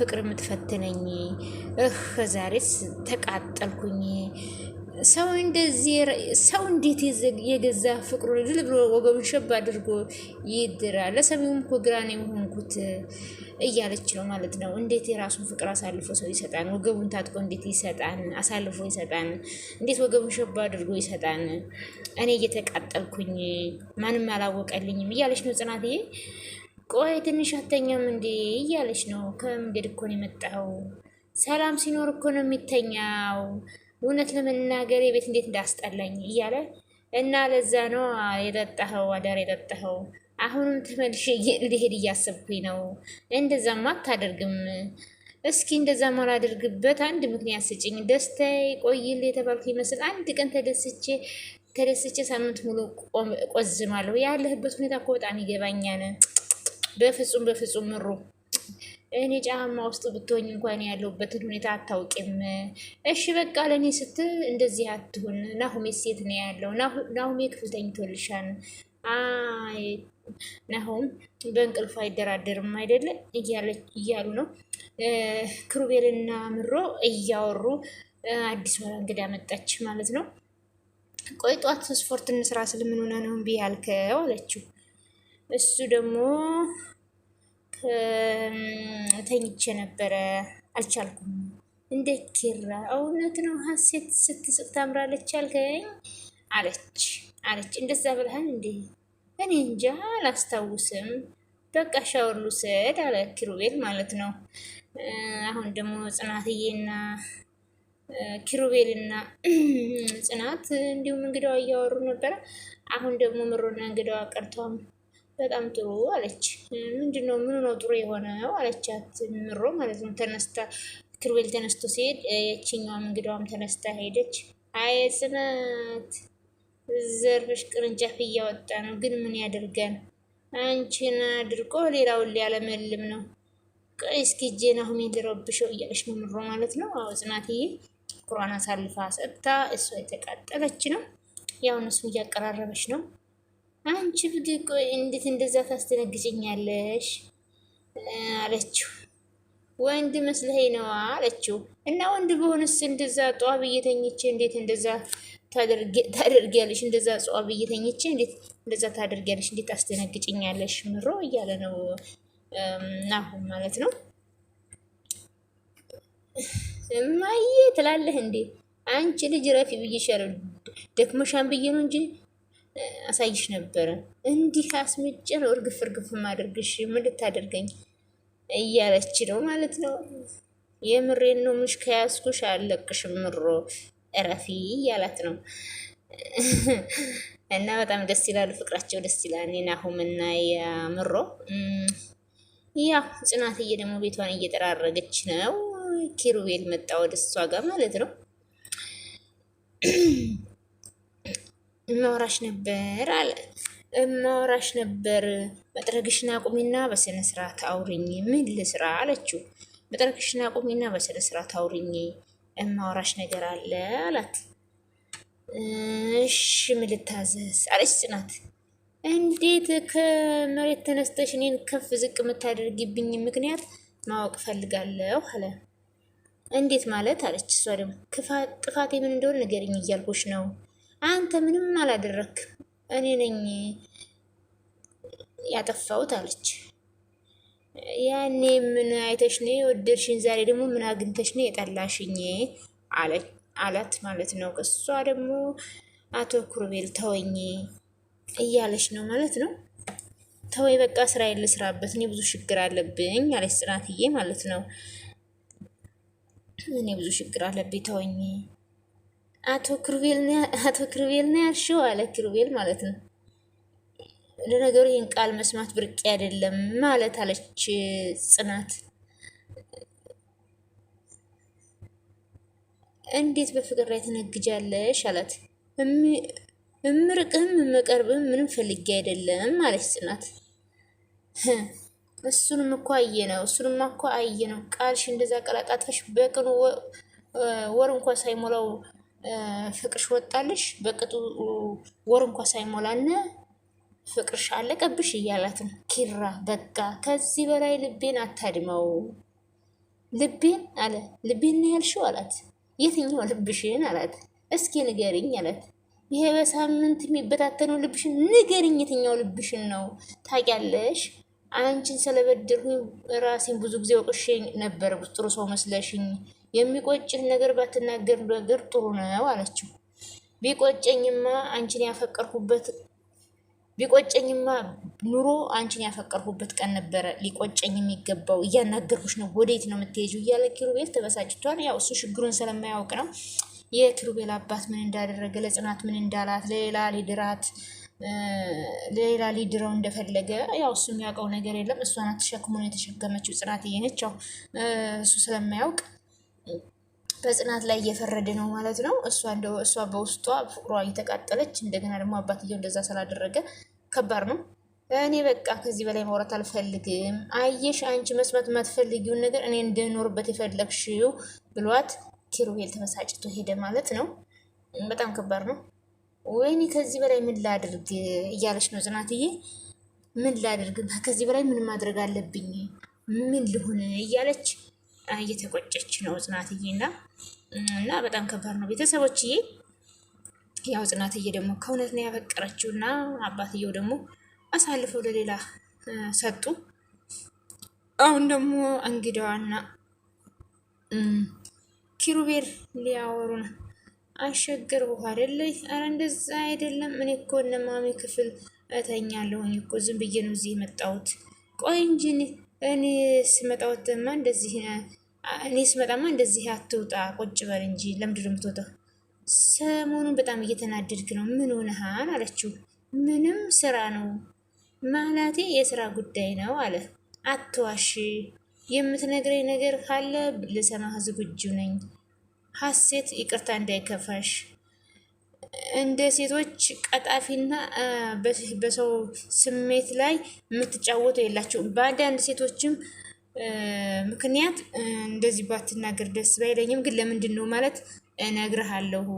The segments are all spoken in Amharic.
ፍቅር የምትፈትነኝ እህ ዛሬስ ተቃጠልኩኝ። ሰው እንደዚህ ሰው እንዴት የገዛ ፍቅሩ ድል ብሎ ወገቡን ሸብ አድርጎ ይድራ ለሰሚውም እኮ የሆንኩት እያለች ነው ማለት ነው። እንዴት የራሱን ፍቅር አሳልፎ ሰው ይሰጣን? ወገቡን ታጥቆ እንዴት ይሰጣን? አሳልፎ ይሰጣን? እንዴት ወገቡን ሸብ አድርጎ ይሰጣን? እኔ እየተቃጠልኩኝ ማንም አላወቀልኝም እያለች ነው ጽናትዬ። ቆይ ትንሽ አተኛም እንዴ እያለች ነው። ከመንገድ እኮ ነው የመጣው። ሰላም ሲኖር እኮ ነው የሚተኛው። እውነት ለመናገር የቤት እንዴት እንዳስጠላኝ እያለ እና ለዛ ነው የጠጣኸው አዳር የጠጣኸው። አሁንም ተመልሼ ልሄድ እያሰብኩኝ ነው። እንደዛማ አታደርግም። እስኪ እንደዛ ማላደርግበት አንድ ምክንያት ስጭኝ። ደስታ ቆይል የተባልኩ ይመስል አንድ ቀን ተደስቼ ተደስቼ ሳምንት ሙሉ ቆዝማለሁ። ያለህበት ሁኔታ እኮ በጣም ይገባኛል። በፍጹም በፍጹም ምሩ እኔ ጫማ ውስጥ ብትሆኝ እንኳን ያለሁበትን ሁኔታ አታውቂም። እሺ በቃ ለእኔ ስትል እንደዚህ አትሁን። ናሁሜ ሴት ነው ያለው። ናሁሜ ክፍል ተኝቶልሻል። አይ ናሁም በእንቅልፍ አይደራደርም አይደለ እያሉ ነው ክሩቤልና ምሮ እያወሩ። አዲስ ወራ እንግዳ መጣች ማለት ነው። ቆይ ጧት ስፖርት እንስራ ስለምን ነው እምቢ ያልከው አለችው። እሱ ደግሞ ተኝቼ ነበረ፣ አልቻልኩም። እንደ ኪራ እውነት ነው ሀሴት ስትስቅ ታምራለች አልከኝ አለች አለች። እንደዛ ብለሃል እንዴ? እኔ እንጃ አላስታውስም። በቃ ሻወር ልውሰድ አለ ኪሩቤል ማለት ነው። አሁን ደግሞ ጽናትዬና ኪሩቤልና ጽናት እንዲሁም እንግዳዋ እያወሩ ነበረ። አሁን ደግሞ ምሮና እንግዳዋ ቀርተዋል። በጣም ጥሩ አለች። ምንድን ነው ምኑ ነው ጥሩ የሆነው አለቻት። ምሮ ማለት ነው ተነስታ ክርቤል ተነስቶ ሲሄድ የችኛዋም እንግዳዋም ተነስታ ሄደች። አይ ጽናት ዘርፍሽ ቅርንጫፍ እያወጣ ነው፣ ግን ምን ያደርገን? አንቺን አድርጎ ሌላውን ሊያለመልም ነው። እስኪ ጄን አሁን የደረብሸው እያለች ነው ምሮ ማለት ነው። አዎ ጽናትዬ ቁሯን አሳልፋ ሰጥታ እሷ የተቃጠለች ነው። ያው እነሱ እያቀራረበች ነው። አንቺ ብድ እንዴት እንደዛ ታስደነግጭኛለሽ? አለችው። ወንድ መስለኸኝ ነዋ አለችው። እና ወንድ በሆንስ እንደዛ ጠዋብ እየተኝቼ እንዴት እንደዛ ታደርጊያለሽ? እንደዛ ጸዋብ እየተኝቼ እንዴት እንደዛ ታደርጊያለሽ? እንዴት ታስደነግጭኛለሽ? ምሮ እያለ ነው ናሁን ማለት ነው። እማዬ ትላለህ እንዴ አንቺ ልጅ ረፊ ብዬሻለሁ፣ ደክመሻን ብዬ ነው እንጂ አሳይሽ ነበረ። እንዲህ አስምጬ እርግፍ እርግፍ ማድርግሽ ምን ልታደርገኝ እያለች ነው ማለት ነው። የምሬን ነው ምሽ ከያዝኩሽ አለቅሽ ምሮ እረፊ እያላት ነው። እና በጣም ደስ ይላሉ። ፍቅራቸው ደስ ይላል። ናሁም እና የምሮ ያው ጽናትዬ ደግሞ ቤቷን እየጠራረገች ነው። ኪሩቤል መጣ ወደ እሷ ጋር ማለት ነው። ማውራሽ ነበር አለ። ማውራሽ ነበር መጥረግሽን አቁሚና በስነ ስርዓት አውሪኝ። ምን ልስራ አለችው። መጥረግሽን አቁሚና በስነ ስርዓት አውሪኝ፣ ማውራሽ ነገር አለ አላት። እሺ ምን ልታዘዝ አለች ጽናት። እንዴት ከመሬት ተነስተሽ እኔን ከፍ ዝቅ የምታደርግብኝ ምክንያት ማወቅ ፈልጋለሁ አለ። እንዴት ማለት አለች እሷ ደግሞ ጥፋቴ ምን እንደሆነ ነገርኝ እያልኩሽ ነው አንተ ምንም አላደረክ እኔ ነኝ ያጠፋሁት አለች። ያኔ ምን አይተሽ ነው የወደድሽኝ? ዛሬ ደግሞ ምን አግኝተሽ ነው የጠላሽኝ? አላት ማለት ነው። እሷ ደግሞ አቶ ኩርቤል ተወኝ እያለች ነው ማለት ነው። ተወይ በቃ ስራ ልስራበት፣ እኔ ብዙ ችግር አለብኝ አለች ጽናትዬ ማለት ነው። እኔ ብዙ ችግር አለብኝ ተወኝ አቶ ክሩቤል ነው ያልሽው? አለ ክርቤል ማለት ነው። ለነገሩ ይህን ቃል መስማት ብርቅ አይደለም ማለት አለች ጽናት። እንዴት በፍቅር ላይ ትነግጃለሽ? አላት። እምርቅህም እምቀርብህም ምንም ፈልጌ አይደለም አለች ጽናት። እሱንም እኮ አየ ነው እሱንም እኮ አየ ነው ቃልሽ እንደዛ ቀላጣጥፈሽ በቅኑ ወር እንኳ ሳይሞላው ፍቅርሽ ወጣልሽ በቅጡ ወር እንኳ ሳይሞላነ ፍቅርሽ አለቀብሽ እያላትም ኪራ በቃ ከዚህ በላይ ልቤን አታድመው ልቤን አለ ልቤን ነው ያልሽው አላት የትኛው ልብሽን አላት እስኪ ንገሪኝ አላት ይሄ በሳምንት የሚበታተነው ልብሽን ንገሪኝ የትኛው ልብሽን ነው ታውቂያለሽ አንቺን ስለበደልኩኝ ራሴን ብዙ ጊዜ ወቅሼ ነበር ጥሩ ሰው መስለሽኝ የሚቆጭህ ነገር ባትናገር ነገር ጥሩ ነው አለችው። ቢቆጨኝማ አንቺን ያፈቀርኩበት ቢቆጨኝማ ኑሮ አንቺን ያፈቀርኩበት ቀን ነበረ ሊቆጨኝ የሚገባው እያናገርኩሽ ነው ወዴት ነው የምትሄጂው እያለ ኪሩቤል ተበሳጭቷል። ያው እሱ ችግሩን ስለማያውቅ ነው። የኪሩቤል አባት ምን እንዳደረገ ለጽናት ምን እንዳላት ለሌላ ሊድራት ለሌላ ሊድረው እንደፈለገ ያው እሱ የሚያውቀው ነገር የለም። እሷ ናት ተሸክሞ የተሸከመችው ጽናት እየነች ያው እሱ ስለማያውቅ በጽናት ላይ እየፈረደ ነው ማለት ነው። እሷ እንደ እሷ በውስጧ ፍቅሯ እየተቃጠለች እንደገና ደግሞ አባትየው እንደዛ ስላደረገ ከባድ ነው። እኔ በቃ ከዚህ በላይ ማውራት አልፈልግም። አየሽ አንቺ መስማት የማትፈልጊውን ነገር እኔ እንደኖርበት የፈለግሽው ብሏት ኪሩቤል ተመሳጭቶ ሄደ ማለት ነው። በጣም ከባድ ነው። ወይኔ ከዚህ በላይ ምን ላድርግ እያለች ነው ጽናትዬ። ምን ላድርግ ከዚህ በላይ ምን ማድረግ አለብኝ ምን ልሁን እያለች እየተቆጨች ነው ጽናትዬ እና እና በጣም ከባድ ነው ቤተሰቦችዬ። ያው ጽናትዬ ደግሞ ከእውነት ነው ያፈቀረችው እና አባትየው ደግሞ አሳልፈው ለሌላ ሰጡ። አሁን ደግሞ እንግዳዋና ኪሩቤል ሊያወሩ ነው። አሸገር ውሃ አይደለ? አረ እንደዛ አይደለም። እኔ እኮ እነ ማሚ ክፍል እተኛለሁኝ እኮ ዝም ብዬ ነው እዚህ የመጣሁት። ቆይ እንጂ እኔ ስመጣሁትማ እንደዚህ እኔስ በጣም እንደዚህ አትውጣ ቁጭ በል እንጂ ለምንድን የምትወጣው? ሰሞኑን በጣም እየተናደድክ ነው። ምን ሆነሃል አለችው። ምንም ስራ ነው ማለቴ የስራ ጉዳይ ነው አለ። አትዋሽ፣ የምትነግረኝ ነገር ካለ ልሰማህ ዝግጁ ነኝ። ሀሴት ይቅርታ እንዳይከፋሽ፣ እንደ ሴቶች ቀጣፊና በሰው ስሜት ላይ የምትጫወቱ የላችሁ። በአንዳንድ ሴቶችም ምክንያት እንደዚህ ባትናገር ደስ ባይለኝም፣ ግን ለምንድን ነው ማለት እነግርሃለሁ።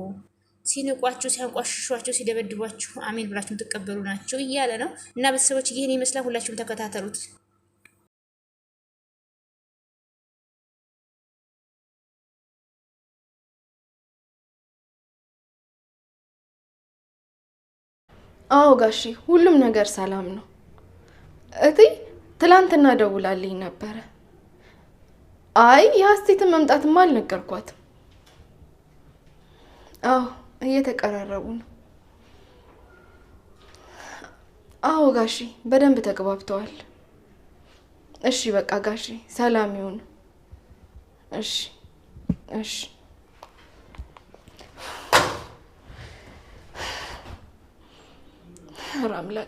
ሲንቋችሁ፣ ሲያንቋሽሿችሁ፣ ሲደበድቧችሁ አሜን ብላችሁ ትቀበሉ ናቸው እያለ ነው። እና ቤተሰቦች ይህን ይመስላል። ሁላችሁም ተከታተሉት። አዎ ጋሺ፣ ሁሉም ነገር ሰላም ነው እትይ ትላንትና ደውላልኝ ነበረ። አይ የሀሴትን መምጣትማ አልነገርኳትም። አዎ እየተቀራረቡ ነው። አዎ ጋሺ በደንብ ተግባብተዋል። እሺ በቃ ጋሺ ሰላም ይሁን። እሺ እሺ። አምላኬ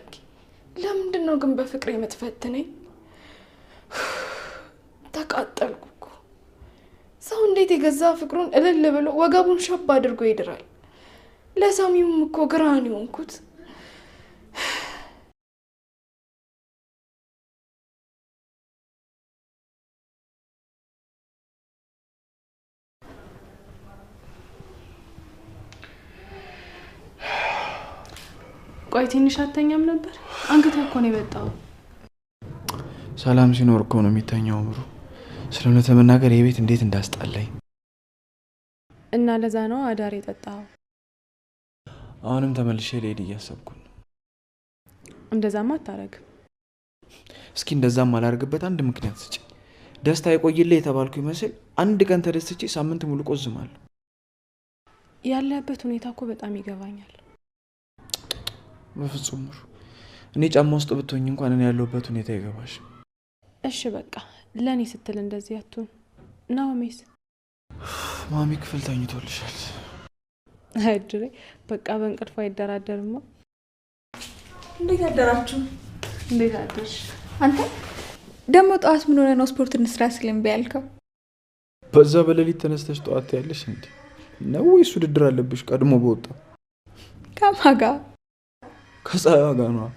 ለምንድን ነው ግን በፍቅር የምትፈትነኝ? ተቃጠልኩ እኮ። ሰው እንዴት የገዛ ፍቅሩን እልል ብሎ ወገቡን ሸብ አድርጎ ይድራል? ለሰሚውም እኮ ግራን የሆንኩት ቆይ ትንሽ አተኛም ነበር? አንገቴ እኮ ነው የበጣው። ሰላም ሲኖር እኮ ነው የሚተኛው ምሩ። ስለ እውነት ለመናገር ይህ ቤት እንዴት እንዳስጣለኝ እና ለዛ ነው አዳር የጠጣው አሁንም ተመልሼ ልሄድ እያሰብኩ ነው። እንደዛማ እስኪ እንደዛም አላርግበት አንድ ምክንያት ስጭ። ደስታ የቆይልህ የተባልኩ ይመስል አንድ ቀን ተደስቼ ሳምንት ሙሉ ቆዝማለሁ። ያለበት ሁኔታ እኮ በጣም ይገባኛል። በፍጹም እኔ ጫማ ውስጥ ብትሆኝ እንኳን እኔ ያለሁበት ሁኔታ ይገባሽ እሺ በቃ ለእኔ ስትል እንደዚህ አትሁን። ናሆሜስ ማሚ ክፍል ተኝቶልሻል። እድሬ በቃ በእንቅልፍ አይደራደርማ። እንዴት አደራችሁ? እንዴት አደርሽ? አንተ ደግሞ ጠዋት ምን ሆነ ነው ስፖርት እንስራ ስልም ቢያልከው በዛ በሌሊት ተነስተሽ ጠዋት ያለሽ እንዲ ነው ወይስ ውድድር አለብሽ? ቀድሞ በወጣ ከማን ጋር? ከፀሐይ ጋር ነዋ